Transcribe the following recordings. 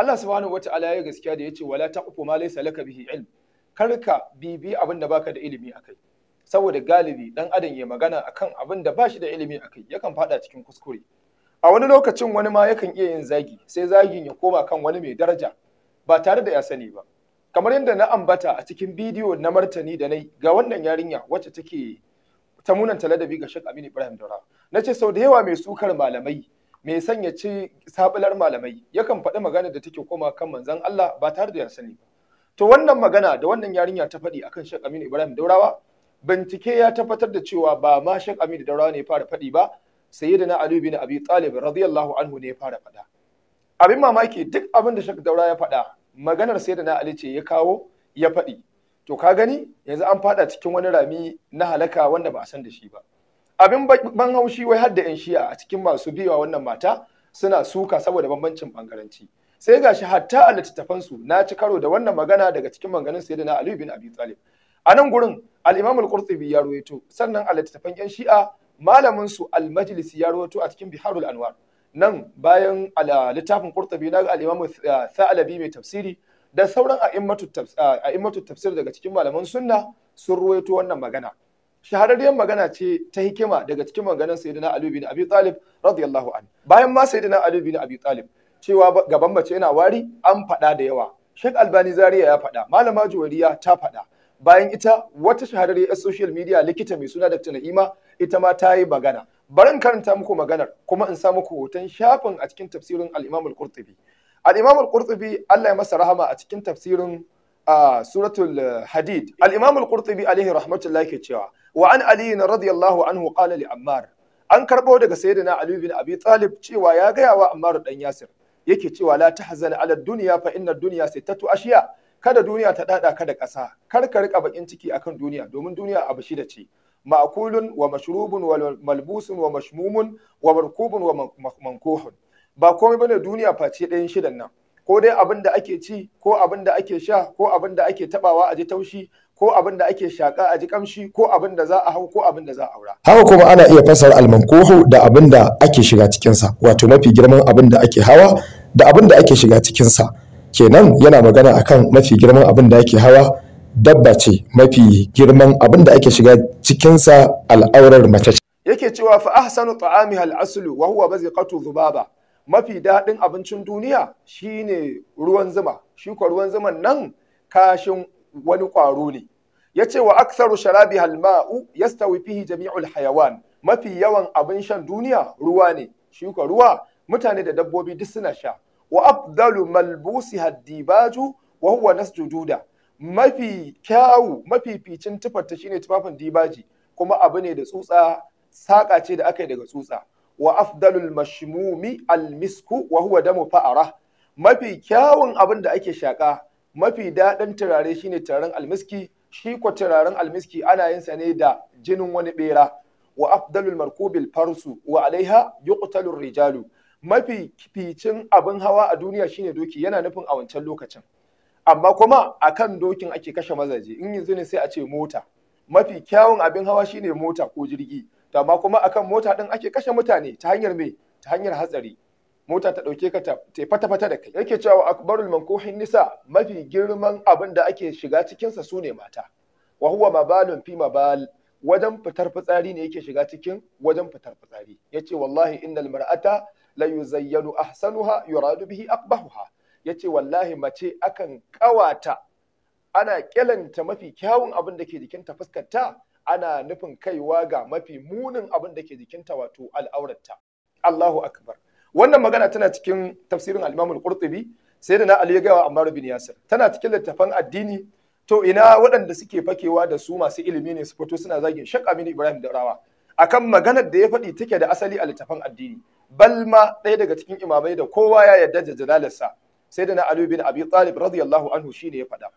Allah subhanahu wata'ala ya gaskiya da yace wala taqfu ma laysa laka bihi ilm karka bibi abin da baka da ilimi akai saboda galibi dan adam ya magana akan abin da ba shi da ilimi akai yakan fada cikin kuskure a wani lokacin wani ma yakan iya yin zagi sai zagin ya koma kan wani mai daraja ba tare da ya sani ba kamar yadda na ambata a cikin bidiyo na martani da nai ga wannan yarinya wacce take ta munanta ladabi ga Sheikh Aminu Ibrahim na nace sau da yawa mai sukar malamai mai sanya ci sabular malamai yakan faɗi magana da take koma kan manzon Allah ba tare da ya sani to wannan magana da wannan yarinya ta faɗi akan Sheikh Aminu Ibrahim Daurawa bincike ya tabbatar da cewa ba ma Sheikh Aminu Daurawa ne ya fara faɗi ba sayyidina Ali bin Abi Talib radiyallahu anhu ne ya fara faɗa abin mamaki duk abin da Sheikh daurawa ya faɗa maganar sayyidina Ali ce ya kawo ya faɗi to ka gani yanzu an faɗa cikin wani rami na halaka wanda ba a san da shi ba abin ban haushi wai har da yan shi'a a cikin masu biyawa wannan mata suna suka saboda bambancin bangaranci sai gashi hatta a su na ci karo da wannan magana daga cikin da na Ali bin Abi Talib a nan gurin al-Imam al-Qurtubi ya ruwaito sannan a littattafan yan shi'a malamin su al majlis ya rawaito a cikin Biharul Anwar nan bayan littafin Qurtubi na al-Imam Sa'labi ah, mai tafsiri da sauran a'immatu ah, tafsir daga cikin malaman sunna sun ruwaito wannan magana shahararriyar magana ce ta hikima daga cikin maganar sayyidina Ali bin Abi Talib radiyallahu anhu bayan ma sayyidina Ali bin Abi Talib cewa gaban mace yana wari an faɗa da yawa Sheikh Albani Zaria ya faɗa malama Juwariya ta faɗa bayan ita wata shahararriyar social media likita mai suna Dr. Na'ima ita ma ta yi magana barin karanta muku maganar kuma in sa muku hoton shafin a cikin tafsirin al-Imam al-Qurtubi al-Imam al-Qurtubi Allah ya masa rahama a cikin tafsirin suratul Hadid al-Imam al-Qurtubi alaihi rahmatullahi ke cewa wa an ali radiyallahu anhu qala li ammar an karbo daga sayyidina ali bin abi talib cewa ya gaya wa ammar dan yasir yake cewa la tahzan ala dunya fa inna dunya sittatu ashiya kada duniya ta dada ka da ƙasa kar ka rika bakin ciki akan duniya domin duniya abu shida ce ma'kulun wa mashrubun wa malbusun wa mashmumun wa markubun wa mankuhun ba komai bane duniya face ɗayan shidan nan ko dai abin da ake ci ko abin da ake sha ko abin da ake tabawa a ji taushi ko abin da ake shaka a ji kamshi ko abin da za a hau ko abin da za a aura haka kuma ana iya fasar almankohu da abin da ake shiga cikinsa wato mafi girman abin da ake hawa da abin da ake shiga cikinsa kenan yana magana akan mafi girman abin da ake hawa dabba ce mafi girman abin da ake shiga cikinsa al'aurar mace yake cewa fa ahsanu ta'amiha al-aslu wa huwa baziqatu dhubaba mafi daɗin abincin duniya shine ruwan zuma shi ko ruwan zuman nan kashin wani ƙwaro ne ya ce wa aksaru sharabi halma'u stawi fihi jami'ul hayawan mafi yawan abin shan duniya ruwa ne shi ruwa mutane da dabbobi duk suna sha wa afdalu malbusi haddibaju wa huwa nasjududa mafi kyawu mafi ficin tufarta shine tufafin dibaji kuma abu ne da tsutsa saƙa ce da aka yi daga tsutsa wa afdalul mashmumi almisku wa huwa damu fa'ara mafi kyawun abin da ake shaƙa mafi daɗin turare shine turaren almiski shi ko turaren almiski ana yin sa ne da jinin wani bera wa afdalul markubil farsu wa alaiha yuqtalur rijalu mafi ficin abin hawa a duniya shine doki yana nufin a wancan lokacin amma kuma akan dokin ake kashe mazaje in yanzu ne sai a ce mota mafi kyawun abin hawa shine mota ko jirgi to amma kuma akan mota din ake kashe mutane ta hanyar me ta hanyar hatsari mota ta ɗauke ka ta fata-fata da kai yake cewa akbarul mankohin nisa mafi girman abin da ake shiga cikinsa sune mata wa huwa mabalun fi mabal wajen fitar fitsari ne yake shiga cikin wajen fitar fitsari yace wallahi innal mar'ata la yuzayyanu ahsanuha yuradu bihi aqbahuha yace wallahi mace akan kawata ana kyalanta mafi kyawun abin da ke jikinta fuskarta ana nufin kaiwa ga mafi munin abin da ke jikinta wato al'aurarta Allahu akbar wannan magana tana cikin tafsirin al-Imam Sai da na Ali ya gawa Ammar bin Yasir tana cikin littafan addini to ina waɗanda suke fakewa da su masu ilimi ne su fito suna zagin shak Aminu Ibrahim Darawa akan maganar da ya faɗi take da asali a littafan addini balma ɗaya daga cikin imamai da kowa ya yarda da jalalarsa na Ali bin Abi Talib radiyallahu anhu shine ya faɗa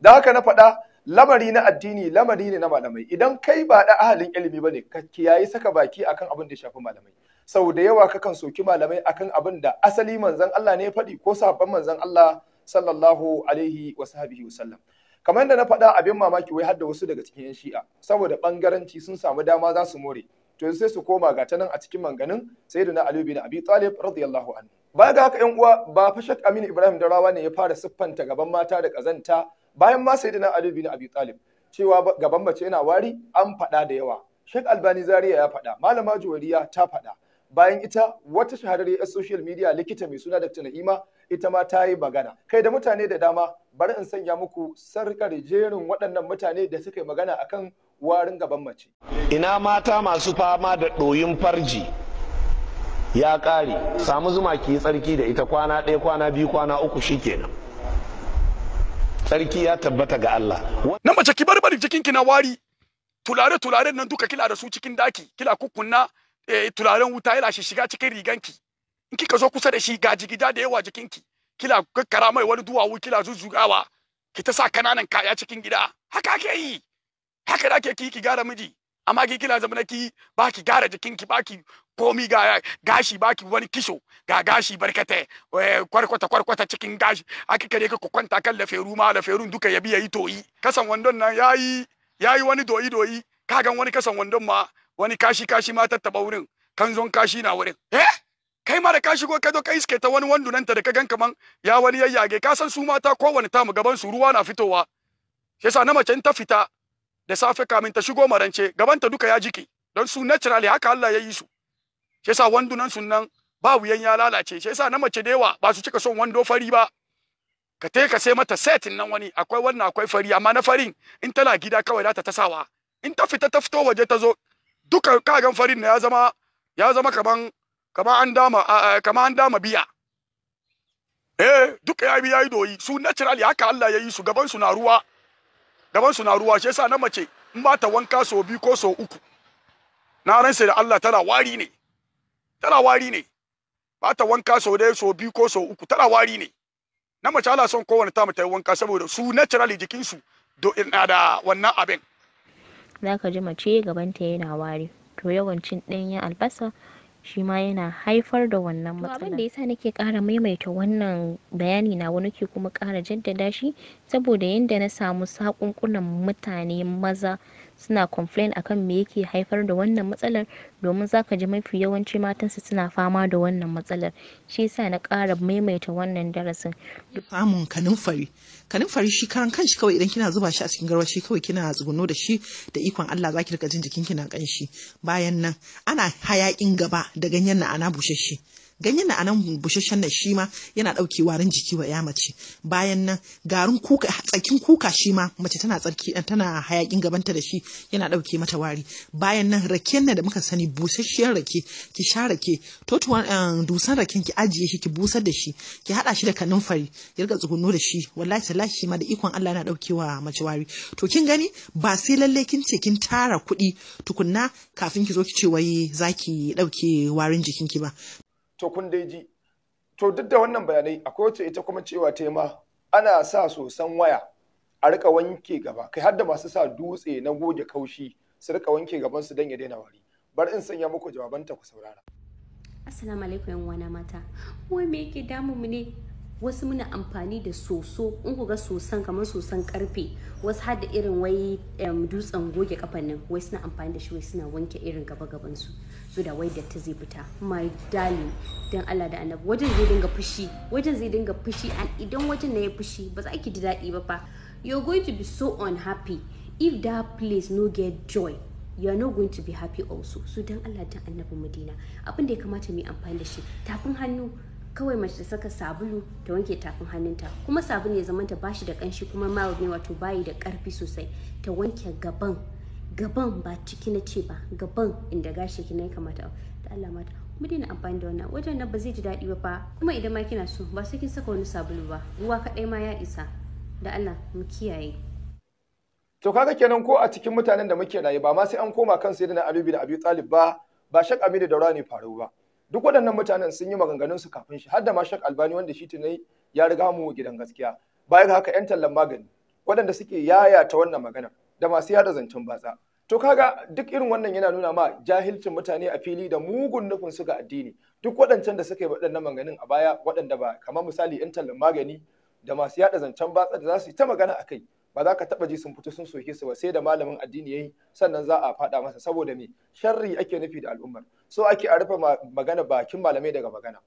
da haka na faɗa lamari na addini lamari ne na malamai idan kai ba da ahalin ilimi bane ka kiyaye saka baki akan abin da ya shafi malamai sau da yawa kakan soki malamai akan abin da asali manzon Allah ne ya faɗi ko sahabban manzon Allah sallallahu alaihi wa wasallam kamar da na faɗa abin mamaki wai har da wasu daga cikin shi'a saboda bangaranci sun samu dama za su more to sai su koma ga ta nan a cikin manganin sayyidina Ali bin Abi Talib radiyallahu anhu baya ga haka yan uwa ba fa Aminu Ibrahim rawa ne ya fara siffanta gaban mata da kazanta bayan ma sayyidina Ali bin Abi Talib cewa gaban mace yana wari an faɗa da yawa Sheikh Albani Zariya ya faɗa malama Juwariya ta faɗa bayan ita wata shahadar ya social media likita mai suna Dr. Na'ima ita ma ta yi magana kai da mutane da dama bari in sanya muku sarkar jerin waɗannan mutane da suka yi magana kan warin gaban mace ina mata masu fama da ɗoyin farji ya ƙare samu zuma ki tsarki da ita kwana ɗaya kwana biyu kwana uku shikenan tsarki ya tabbata ga Allah na mace ki bari bari cikin ki na wari tulare tulare nan duka kila da su cikin daki kila kukunna eh, turaren wuta yana shi shiga cikin riganki in kika zo kusa da shi ga jigida da yawa jikinki kila kakkara mai wani duwawu kila zuzzugawa ki ta sa kananan kaya cikin gida haka ake yi haka da ake ki ki gara miji amma ki kila zama ki ba ki gara jikinki ba ki komi ga gashi ba ki wani kisho ga gashi barkate eh, kwarkwata kwarkwata cikin gashi haka kare ka kwanta kan laferu ma laferun duka ya biya yi toyi kasan wandon nan yayi yayi wani doyi doyi kagan wani kasan wandon ma wani kashi kashi ma tattaba wurin kanzon kashi na wurin eh kai ma da ka shigo ka zo kai iske ta wani wandunanta da ka gan kaman ya wani yayyage ka san su mata ta mu gaban su ruwa na fitowa yasa na mace in ta fita da safe kamin ta shigo marance gabanta duka ya jike don su naturally haka Allah ya yi su yasa wandunan sun nan ba wuyan ya lalace yasa na mace da yawa ba su cika son wando fari ba ka te ka sai mata set nan wani akwai wannan akwai fari amma na farin in tana gida kawai za ta tasawa in ta fita ta fito waje ta zo duka kagan farin ne ya zama ya zama kaman kaman an dama kaman an dama biya eh duka ya yayi doyi su natural haka Allah ya yi su gaban su na ruwa gaban su na ruwa shi yasa na mace in ba ta wanka so bi ko so uku na ran sai da Allah tana wari ne tana wari ne ba ta wanka so dai so bi ko so uku tana wari ne na mace Allah son kowanne ta mata wanka saboda su naturally jikin su do ina da wannan abin za ka ji mace gabanta yana wari to yawan cin ɗanyen albasa shi ma yana haifar da wannan matsala abin da yasa nake ƙara maimaita wannan bayani na wani ke kuma ƙara jaddada shi saboda yadda na samu sakunkunan mutane maza suna complain akan me yake haifar da wannan matsalar domin zaka ji mafi yawanci matansu suna fama da wannan matsalar shi yasa na ƙara maimaita wannan darasin samun kanunfari kanunfari shi karan kanshi kawai idan kina zuba shi a cikin garwashi kawai kina tsuguno da shi da ikon Allah zaki rika jin jikin kina kanshi bayan nan ana hayakin gaba da ganyen na ana bushe shi ganyen na anan busasshen nan shi ma yana ɗauke warin jiki wa ya mace bayan nan garin kuka tsakin kuka shi ma mace tana tsarki eh, tana hayakin gabanta da shi yana ɗauke mata wari bayan nan raken na da muka sani busasshiyar rake ki sha rake totuwan eh, dusan raken ki ajiye shi ki busar da shi ki haɗa shi da kanunfari ya riga tsugunno da shi wallahi tallahi shi ma da ikon Allah yana wa mace wari to kin gani ba sai lallai kin ce kin tara kuɗi tukunna kafin ki zo ki ce wai zaki ɗauke warin ki ba to kun dai ji to duk da wannan bayanai akwai wacce ita kuma cewa ta ma ana sa sosan waya a rika wanke gaba kai har da masu sa dutse na goge kaushi su rika wanke gaban su don ya daina wari bar in sanya muku jawabanta ku saurara assalamu alaikum yan wana mata wai me yake damu mu ne wasu muna amfani da soso in ku ga sosan kamar sosan karfe wasu har irin wai dutsen goge kafan nan wai suna amfani da shi wai suna wanke irin gaba gaban su su da wai datta zai fita my darling dan Allah da annabi wajen zai dinga fushi wajen zai dinga fushi and idan wajen na ya fushi ba za ki ji daɗi ba fa you're going to be so unhappy if that place no get joy you are not going to be happy also so dan Allah dan annabi Madina abin da ya kamata mu yi amfani da shi tafin hannu kawai mace da saka sabulu ta wanke tafin hannunta kuma sabulu ya zamanta bashi da kanshi kuma mild ne wato bayi da karfi sosai ta wanke gaban gaban ba ciki na ce ba gaban inda gashi ki ne kamata da Allah mata mu daina amfani da wannan wajen nan ba zai ji daɗi ba fa kuma idan ma kina so ba sai kin saka wani sabulu ba ruwa kaɗai ma ya isa da Allah mu kiyaye to kaga kenan ko a cikin mutanen da muke rayuwa ba ma sai an koma kan sayyidina Ali da Abi Talib ba ba Shak amiri da Rani faru ba duk waɗannan mutanen sun yi maganganun su kafin shi har da ma Shak Albani wanda shi tunai ya riga mu gidan gaskiya bayan haka yan tallan magani waɗanda suke yaya ta wannan maganar da masu yada zancen batsa to kaga duk irin wannan yana nuna ma jahilcin mutane a fili da mugun nufin su ga addini duk waɗancan da suka yi waɗannan maganganun a baya waɗanda ba kamar misali yan tallan magani da masu yada zancen batsa da za su yi ta magana a kai ba za ka taɓa ji sun fito sun soke su ba sai da malamin addini ya yi sannan za a faɗa masa saboda me sharri ake nufi da al'ummar so ake a rufe magana bakin malamai daga magana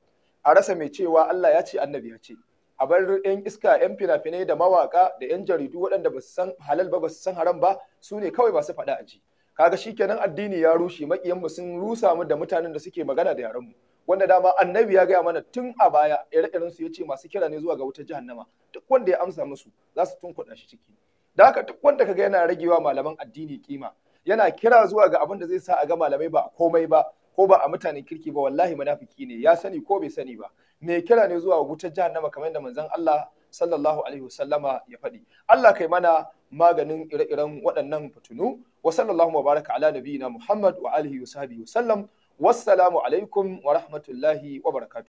a rasa mai cewa Allah ya ce annabi ya ce a bar 'yan iska 'yan fina-finai da mawaƙa da 'yan jaridu waɗanda ba su san halal ba ba su san haram ba su ne kawai ba su faɗa a ji kaga shikenan addini ya rushe makiyan mu sun rusa mu da mutanen da suke magana da yaran mu wanda dama annabi ya gaya mana tun a baya ire-iren su yace masu kira ne zuwa ga wutar jahannama duk wanda ya amsa musu za su tunkuɗa shi ciki da haka duk wanda kaga yana ragewa malaman addini kima yana kira zuwa ga abin da zai sa a ga malamai ba komai ba ko ba a mutanen kirki ba wallahi munafiki ne ya sani ko bai sani ba me kira ne zuwa wutar jahannama kamar da manzon Allah sallallahu alaihi wasallama ya faɗi Allah kai mana maganin ire-iren waɗannan fitunu wa sallallahu mubaraka ala nabiyina Muhammad wa alihi wa sahbihi wa sallam wassalamu alaikum wa rahmatullahi wa